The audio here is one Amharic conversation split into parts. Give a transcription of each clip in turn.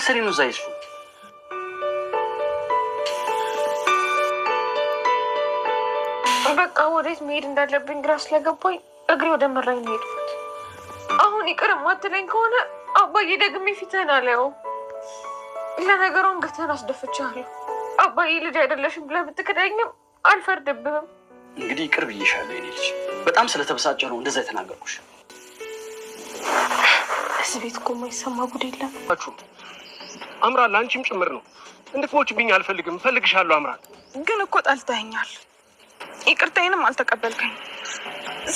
inserindo usar isso? በቃ ወዴት መሄድ እንዳለብኝ ግራ ስለገባኝ እግሬ ወደ መራኝ ነው የሄድኩት። አሁን ይቅር ማትለኝ ከሆነ አባዬ ደግሜ ፊትህን አላየውም። ለነገሩ አንገትህን አስደፍቼሃለሁ። አባዬ ልጅ አይደለሽም ብለህ ብትክደኝም አልፈርድብህም። እንግዲህ ይቅር ብዬሻለሁ የኔ ልጅ። በጣም ስለተበሳጨ ነው እንደዛ የተናገርኩሽ። እዚህ ቤት እኮ የማይሰማ ጉድ የለም። አምራ አንቺም ጭምር ነው። እንድትሞችብኝ አልፈልግም። እፈልግሻለሁ አምራ። ግን እኮ ጠልተኸኛል፣ ይቅርታዬንም አልተቀበልከኝ።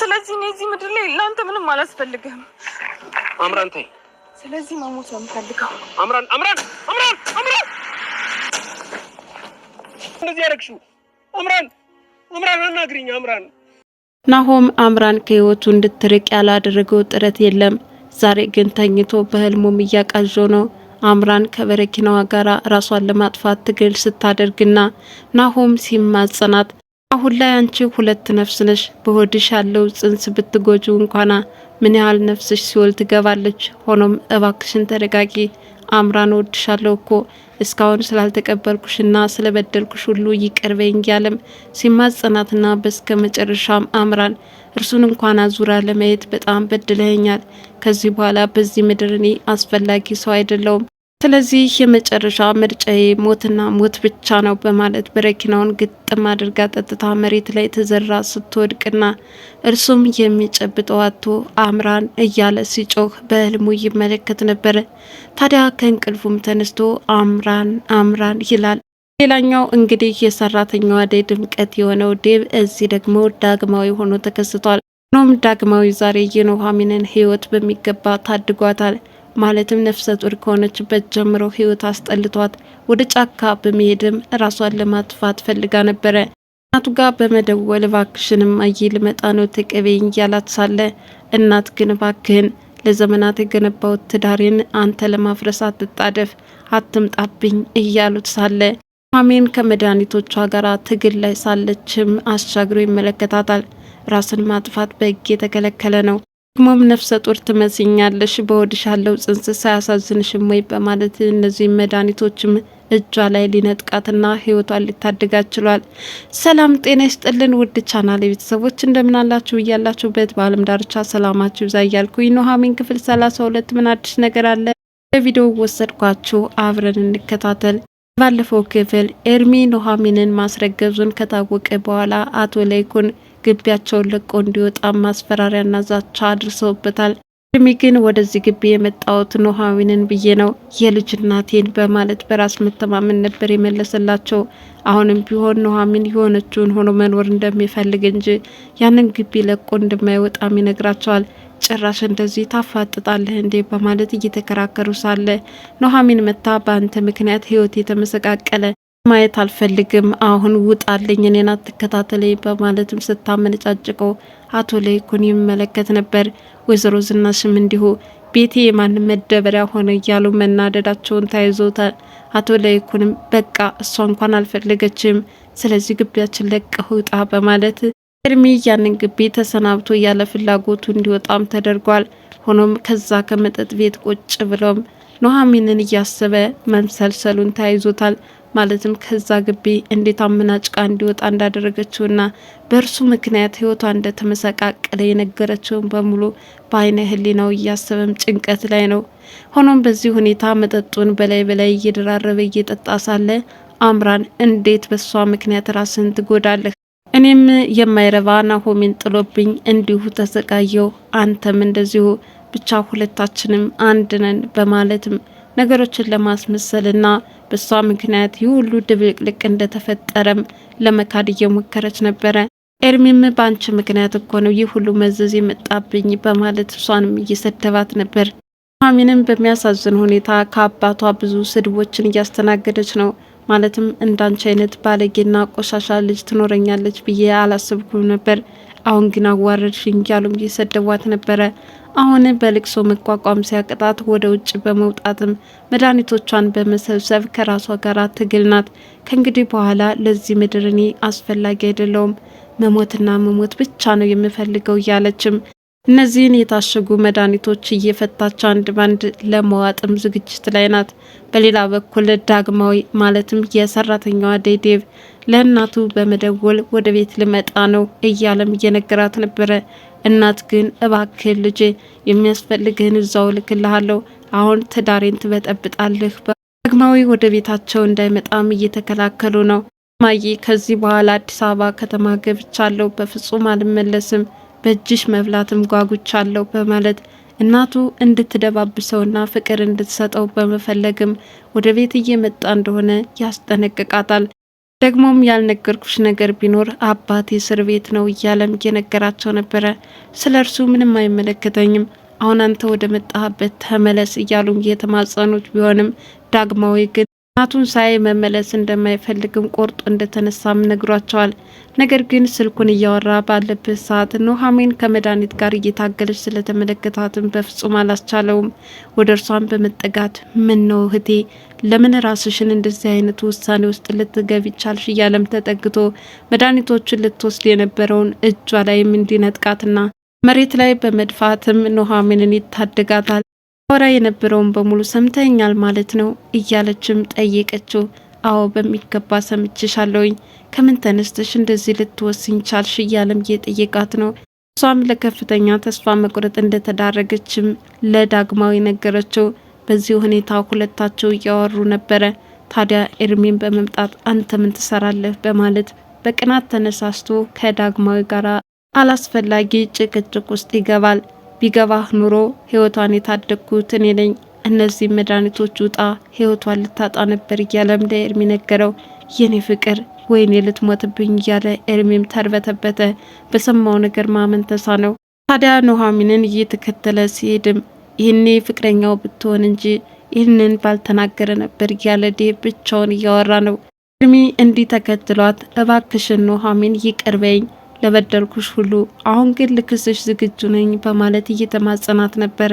ስለዚህ እኔ እዚህ ምድር ላይ ለአንተ ምንም አላስፈልግህም። አምራን ተይ። ስለዚህ መሞት ነው የምፈልገው። አምራን አምራን አምራን አምራን እንደዚህ ያደረግሽው አምራን አምራን አናግሪኝ አምራን። ናሆም አምራን ከህይወቱ እንድትርቅ ያላደረገው ጥረት የለም። ዛሬ ግን ተኝቶ በህልሙም እያቃዦ ነው። አምራን ከበረኪናዋ ጋር ራሷን ለማጥፋት ትግል ስታደርግና ናሆም ሲማጸናት አሁን ላይ አንቺ ሁለት ነፍስ ነሽ። በሆድሽ ያለው ጽንስ ብትጎጁ እንኳና ምን ያህል ነፍስሽ ሲወል ትገባለች። ሆኖም እባክሽን ተረጋጊ። አምራን ወድሻለሁ እኮ እስካሁን ስላልተቀበልኩሽና ስለበደልኩሽ ሁሉ ይቅርበኝ እያለም ሲማጸናትና በስከ መጨረሻም አምራን እርሱን እንኳን አዙራ ለማየት በጣም በድለኸኛል። ከዚህ በኋላ በዚህ ምድር እኔ አስፈላጊ ሰው አይደለውም ስለዚህ የመጨረሻ ምርጫዬ ሞትና ሞት ብቻ ነው በማለት በረኪናውን ግጥም አድርጋ ጠጥታ መሬት ላይ ተዘራ ስትወድቅና እርሱም የሚጨብጠው አቶ አምራን እያለ ሲጮህ በህልሙ ይመለከት ነበረ። ታዲያ ከእንቅልፉም ተነስቶ አምራን አምራን ይላል። ሌላኛው እንግዲህ የሰራተኛዋ አደይ ድምቀት የሆነው ዴብ እዚህ ደግሞ ዳግማዊ ሆኖ ተከስቷል። ሆኖም ዳግማዊ ዛሬ የኑሐሚንን ህይወት በሚገባ ታድጓታል። ማለትም ነፍሰ ጡር ከሆነችበት ጀምሮ ህይወት አስጠልቷት ወደ ጫካ በመሄድም ራሷን ለማጥፋት ፈልጋ ነበረ። እናቱ ጋር በመደወል እባክሽንም አይ ልመጣ ነው ተቀበይኝ እያላት ሳለ እናት ግን እባክህን ለዘመናት የገነባውት ትዳሬን አንተ ለማፍረስ አትጣደፍ፣ አትምጣብኝ እያሉት ሳለ ማሜን ከመድኃኒቶቿ ጋር ትግል ላይ ሳለችም አሻግሮ ይመለከታታል። ራስን ማጥፋት በህግ የተከለከለ ነው። ደግሞም ነፍሰ ጡር ትመስኛለሽ፣ በወድሽ ያለው ጽንስ ሳያሳዝንሽም ወይ በማለት እነዚህ መድኃኒቶችም እጇ ላይ ሊነጥቃትና ህይወቷን ሊታደጋት ችሏል። ሰላም ጤና ይስጥልን ውድ ቻናል ቤተሰቦች እንደምን አላችሁ? እያላችሁበት በአለም ዳርቻ ሰላማችሁ ይብዛ እያልኩኝ ኑሐሚን ክፍል ሰላሳ ሁለት ምን አዲስ ነገር አለ በቪዲዮ ወሰድኳችሁ፣ አብረን እንከታተል። ባለፈው ክፍል ኤርሚ ኑሐሚንን ማስረገዙን ከታወቀ በኋላ አቶ ለይኩን ግቢያቸውን ለቆ እንዲወጣ ማስፈራሪያና ዛቻ አድርሰውበታል። እድሜ ግን ወደዚህ ግቢ የመጣሁት ኑሐሚንን ብዬ ነው የልጅ እናቴን በማለት በራስ መተማመን ነበር የመለሰላቸው። አሁንም ቢሆን ኑሐሚን የሆነችውን ሆኖ መኖር እንደሚፈልግ እንጂ ያንን ግቢ ለቆ እንደማይወጣም ይነግራቸዋል። ጭራሽ እንደዚህ ታፋጥጣለህ እንዴ በማለት እየተከራከሩ ሳለ ኑሐሚን መታ በአንተ ምክንያት ህይወት የተመሰቃቀለ ማየት አልፈልግም፣ አሁን ውጣልኝ፣ እኔን አትከታተለኝ በማለትም ስታመነጫጭቀው አቶ ለይኩን ይመለከት ነበር። ወይዘሮ ዝናሽም እንዲሁ ቤቴ የማንም መደበሪያ ሆነ እያሉ መናደዳቸውን ተያይዞታል። አቶ ለይኩንም በቃ እሷ እንኳን አልፈለገችም፣ ስለዚህ ግቢያችን ለቀህ ውጣ በማለት እድሜ ያንን ግቢ ተሰናብቶ ያለ ፍላጎቱ እንዲወጣም ተደርጓል። ሆኖም ከዛ ከመጠጥ ቤት ቁጭ ብሎም ኑሐሚንን እያሰበ መምሰልሰሉን ተያይዞታል። ማለትም ከዛ ግቢ እንዴት አመናጭቃ እንዲወጣ እንዳደረገችውና በእርሱ ምክንያት ህይወቷ እንደተመሰቃቀለ የነገረችውን በሙሉ በአይነ ህሊናው እያሰበም ጭንቀት ላይ ነው። ሆኖም በዚህ ሁኔታ መጠጡን በላይ በላይ እየደራረበ እየጠጣ ሳለ አምራን እንዴት በሷ ምክንያት ራስን ትጎዳለህ? እኔም የማይረባ ናሆሜን ጥሎብኝ እንዲሁ ተሰቃየው፣ አንተም እንደዚሁ ብቻ ሁለታችንም አንድ ነን በማለትም ነገሮችን ለማስመሰልና በሷ ምክንያት ይህ ሁሉ ድብልቅልቅ እንደተፈጠረም ለመካድ እየሞከረች ነበረ። ኤርሚም በአንቺ ምክንያት እኮ ነው ይህ ሁሉ መዘዝ የመጣብኝ በማለት እሷንም እየሰደባት ነበር። ኑሐሚንም በሚያሳዝን ሁኔታ ከአባቷ ብዙ ስድቦችን እያስተናገደች ነው። ማለትም እንዳንቺ አይነት ባለጌና ቆሻሻ ልጅ ትኖረኛለች ብዬ አላስብኩም ነበር አሁን ግን አዋረድሽኝ እያሉም እየሰደቧት ነበረ። አሁን በልቅሶ መቋቋም ሲያቅጣት ወደ ውጭ በመውጣትም መድኃኒቶቿን በመሰብሰብ ከራሷ ጋር ትግል ናት። ከእንግዲህ በኋላ ለዚህ ምድር እኔ አስፈላጊ አይደለውም መሞትና መሞት ብቻ ነው የምፈልገው እያለችም እነዚህን የታሸጉ መድኃኒቶች እየፈታች አንድ ባንድ ለመዋጥም ዝግጅት ላይ ናት። በሌላ በኩል ዳግማዊ ማለትም የሰራተኛዋ ዴዴብ ለእናቱ በመደወል ወደ ቤት ልመጣ ነው እያለም እየነገራት ነበረ። እናት ግን እባክህ ልጄ የሚያስፈልግህን እዛው ልክልሃለሁ፣ አሁን ትዳሬን ትበጠብጣለህ። ዳግማዊ ወደ ቤታቸው እንዳይመጣም እየተከላከሉ ነው። ማዬ ከዚህ በኋላ አዲስ አበባ ከተማ ገብቻለሁ፣ በፍጹም አልመለስም በእጅሽ መብላትም ጓጉቻለሁ በማለት እናቱ እንድትደባብሰውና ፍቅር እንድትሰጠው በመፈለግም ወደ ቤት እየመጣ እንደሆነ ያስጠነቅቃታል። ደግሞም ያልነገርኩሽ ነገር ቢኖር አባቴ እስር ቤት ነው እያለም እየነገራቸው ነበረ። ስለ እርሱ ምንም አይመለከተኝም፣ አሁን አንተ ወደ መጣህበት ተመለስ እያሉም የተማጸኑት ቢሆንም ዳግማዊ ግን እናቱን ሳይ መመለስ እንደማይፈልግም ቆርጦ እንደተነሳም ነግሯቸዋል። ነገር ግን ስልኩን እያወራ ባለበት ሰዓት ኑሐሚን ከመድኃኒት ጋር እየታገለች ስለተመለከታትም በፍጹም አላስቻለውም። ወደ እርሷን በመጠጋት ምን ነው እህቴ፣ ለምን ራስሽን እንደዚህ አይነት ውሳኔ ውስጥ ልትገቢ ቻልሽ? እያለም ተጠግቶ መድኃኒቶቹን ልትወስድ የነበረውን እጇ ላይም እንዲነጥቃትና መሬት ላይ በመድፋትም ኑሐሚንን ይታደጋታል። ወራ የነበረውን በሙሉ ሰምተኛል ማለት ነው እያለችም ጠየቀችው። አዎ በሚገባ ሰምችሻለሁኝ፣ ከምን ተነስተሽ እንደዚህ ልትወስኝ ቻልሽ? እያለም እየጠየቃት ነው። እሷም ለከፍተኛ ተስፋ መቁረጥ እንደተዳረገችም ለዳግማዊ ነገረችው። በዚህ ሁኔታ ሁለታቸው እያወሩ ነበረ። ታዲያ ኤርሚን በመምጣት አንተ ምን ትሰራለህ በማለት በቅናት ተነሳስቶ ከዳግማዊ ጋር አላስፈላጊ ጭቅጭቅ ውስጥ ይገባል። ቢገባህ ኑሮ ህይወቷን የታደግኩት እኔ ነኝ፣ እነዚህ መድኃኒቶች ውጣ ህይወቷን ልታጣ ነበር እያለም ለኤርሚ ነገረው። የኔ ፍቅር ወይኔ ልትሞትብኝ እያለ ኤርሚም ተርበተበተ። በሰማው ነገር ማመን ነው ታዲያ ኑሐሚንን እየተከተለ ሲሄድም ይህኔ ፍቅረኛው ብትሆን እንጂ ይህንን ባልተናገረ ነበር እያለ ዴ ብቻውን እያወራ ነው። ኤርሚ እንዲህ ተከትሏት እባክሽን ኑሐሚን ይቅርበኝ ለበደልኩሽ ሁሉ አሁን ግን ልክስሽ ዝግጁ ነኝ በማለት እየተማጸናት ነበረ።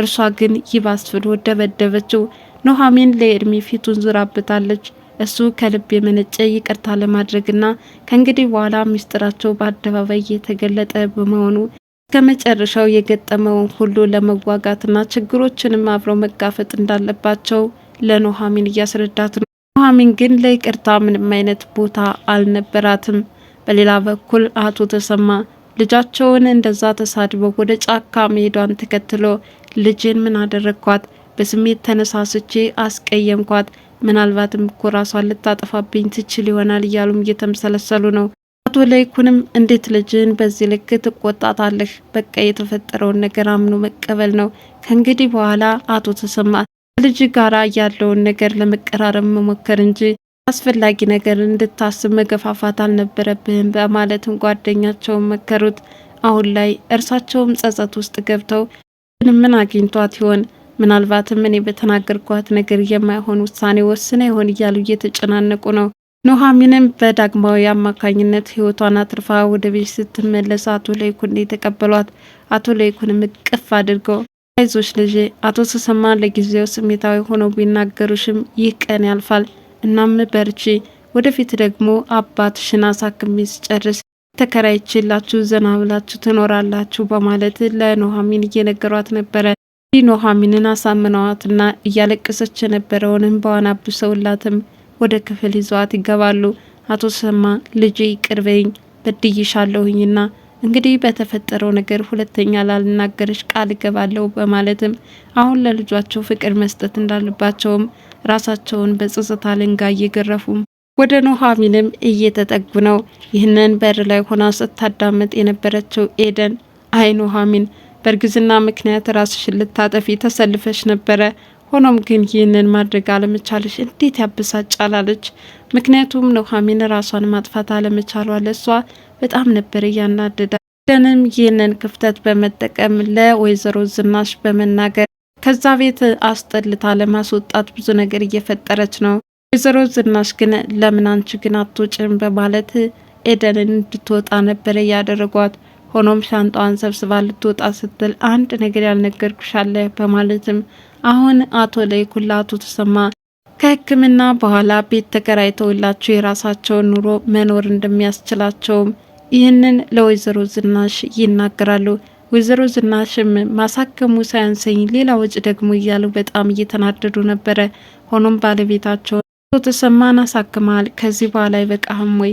እርሷ ግን ይባስ ፍዶ ደበደበችው። ኑሐሚን ለኤርሚ ፊቱን ዙራብታለች። እሱ ከልብ የመነጨ ይቅርታ ለማድረግና ከእንግዲህ በኋላ ምስጢራቸው በአደባባይ የተገለጠ በመሆኑ እስከ መጨረሻው የገጠመውን ሁሉ ለመዋጋትና ችግሮችንም አብረው መጋፈጥ እንዳለባቸው ለኑሐሚን እያስረዳት ነው። ኑሐሚን ግን ለይቅርታ ምንም አይነት ቦታ አልነበራትም። በሌላ በኩል አቶ ተሰማ ልጃቸውን እንደዛ ተሳድበው ወደ ጫካ መሄዷን ተከትሎ ልጅን ምን አደረግኳት? በስሜት ተነሳስቼ አስቀየምኳት። ምናልባትም እኮ ራሷን ልታጠፋብኝ ትችል ይሆናል እያሉም እየተምሰለሰሉ ነው። አቶ ለይኩንም እንዴት ልጅን በዚህ ልክ ትቆጣታለህ? በቃ የተፈጠረውን ነገር አምኖ መቀበል ነው። ከእንግዲህ በኋላ አቶ ተሰማ ከልጅ ጋራ ያለውን ነገር ለመቀራረብ መሞከር እንጂ አስፈላጊ ነገር እንድታስብ መገፋፋት አልነበረብህም በማለትም ጓደኛቸውን መከሩት። አሁን ላይ እርሳቸውም ጸጸት ውስጥ ገብተው ምን አግኝቷት ይሆን ምናልባትም እኔ በተናገርኳት ነገር የማይሆን ውሳኔ ወስነ ይሆን እያሉ እየተጨናነቁ ነው። ኑሐሚንም በዳግማዊ አማካኝነት ህይወቷን አትርፋ ወደ ቤት ስትመለስ አቶ ለይኩን የተቀበሏት። አቶ ለይኩንም እቅፍ አድርገው አይዞች ልጄ፣ አቶ ተሰማ ለጊዜው ስሜታዊ ሆነው ቢናገሩሽም ይህ ቀን ያልፋል እናም በርቺ፣ ወደፊት ደግሞ አባትሽን አሳክሜ ስጨርስ ተከራይቼላችሁ ዘና ብላችሁ ትኖራላችሁ በማለት ለኑሐሚን እየነገሯት ነበረ። ይህ ኑሐሚንን አሳምነዋትና እያለቀሰች የነበረውን እንባዋን አብሰውላትም ወደ ክፍል ይዘዋት ይገባሉ። አቶ ሰማ ልጄ ይቅርበኝ በድይሻለሁኝና እንግዲህ በተፈጠረው ነገር ሁለተኛ ላልናገርሽ ቃል እገባለሁ በማለትም አሁን ለልጇቸው ፍቅር መስጠት እንዳለባቸውም ራሳቸውን በጸጸት አለንጋ እየገረፉም ወደ ኑሐሚንም እየተጠጉ ነው። ይህንን በር ላይ ሆና ስታዳመጥ የነበረችው ኤደን አይ ኑሐሚን፣ በእርግዝና ምክንያት ራስሽን ልታጠፊ ተሰልፈሽ ነበረ ሆኖም ግን ይህንን ማድረግ አለመቻለች እንዴት ያበሳጫል አለች። ምክንያቱም ኑሐሚን ራሷን ማጥፋት አለመቻሏ ለእሷ በጣም ነበር እያናደዳ ደንም ይህንን ክፍተት በመጠቀም ለወይዘሮ ዝናሽ በመናገር ከዛ ቤት አስጠልታ ለማስወጣት ብዙ ነገር እየፈጠረች ነው። ወይዘሮ ዝናሽ ግን ለምን አንቺ ግን አትወጭም በማለት ኤደንን እንድትወጣ ነበረ እያደረጓት። ሆኖም ሻንጣዋን ሰብስባ ልትወጣ ስትል አንድ ነገር ያልነገርኩሻለህ በማለትም አሁን አቶ ለይኩን ተሰማ ከሕክምና በኋላ ቤት ተከራይተውላቸው የራሳቸውን ኑሮ መኖር እንደሚያስችላቸውም ይህንን ለወይዘሮ ዝናሽ ይናገራሉ። ወይዘሮ ዝናሽም ማሳከሙ ሳያንሰኝ ሌላ ወጪ ደግሞ እያሉ በጣም እየተናደዱ ነበረ። ሆኖም ባለቤታቸው አቶ ተሰማን አሳክመሃል፣ ከዚህ በኋላ ይበቃህም ወይ?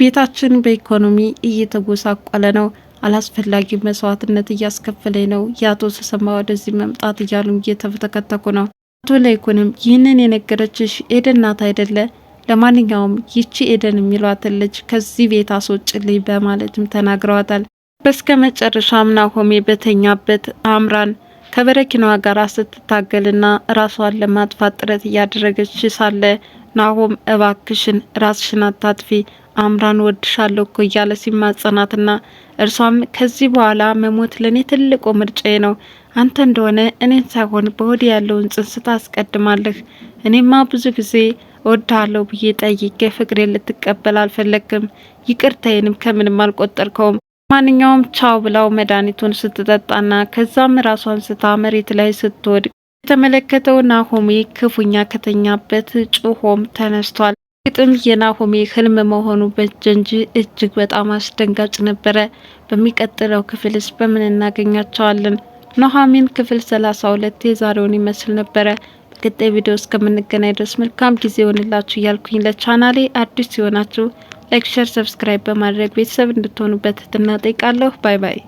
ቤታችን በኢኮኖሚ እየተጎሳቆለ ነው አላስፈላጊ መስዋዕትነት እያስከፈለኝ ነው የአቶ ተሰማ ወደዚህ መምጣት እያሉ እየተተከተኩ ነው። አቶ ላይኩንም ይህንን የነገረችሽ ኤደን ናት አይደለ? ለማንኛውም ይቺ ኤደን የሚሏት ልጅ ከዚህ ቤት አስወጭልኝ በማለትም ተናግረዋታል። በስከ መጨረሻም ናሆሜ በተኛበት አምራን ከበረኪናዋ ጋር ስትታገልና ራሷን ለማጥፋት ጥረት እያደረገች ሳለ ናሆም እባክሽን ራስሽን አታጥፊ አምራን ወድሻለሁ እኮ እያለ ሲማጸናትና እርሷም ከዚህ በኋላ መሞት ለእኔ ትልቁ ምርጫዬ ነው። አንተ እንደሆነ እኔን ሳይሆን በሆድ ያለውን ጽንስ ታስቀድማለህ። እኔማ ብዙ ጊዜ እወድሃለሁ ብዬ ጠይቄ ፍቅሬ ልትቀበል አልፈለግም። ይቅርታዬንም ከምንም አልቆጠርከውም። ማንኛውም ቻው ብላው መድኃኒቱን ስትጠጣና ከዛም ራሷን ስታ መሬት ላይ ስትወድቅ የተመለከተው ናሆሜ ክፉኛ ከተኛበት ጩሆም ተነስቷል። ግጥም የናሆሜ ህልም መሆኑ በጀ እንጂ እጅግ በጣም አስደንጋጭ ነበረ። በሚቀጥለው ክፍልስ በምን እናገኛቸዋለን? ኑሐሚን ክፍል 32 የዛሬውን ይመስል ነበረ። በቀጣይ ቪዲዮ እስከምንገናኝ ድረስ መልካም ጊዜ ይሆንላችሁ እያልኩኝ ለቻናሌ አዲስ ሲሆናችሁ ላይክ፣ ሸር፣ ሰብስክራይብ በማድረግ ቤተሰብ እንድትሆኑበት ትና ጠይቃለሁ። ባይ ባይ።